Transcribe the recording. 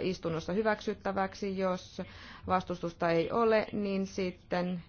istunnossa hyväksyttäväksi. Jos vastustusta ei ole, niin sitten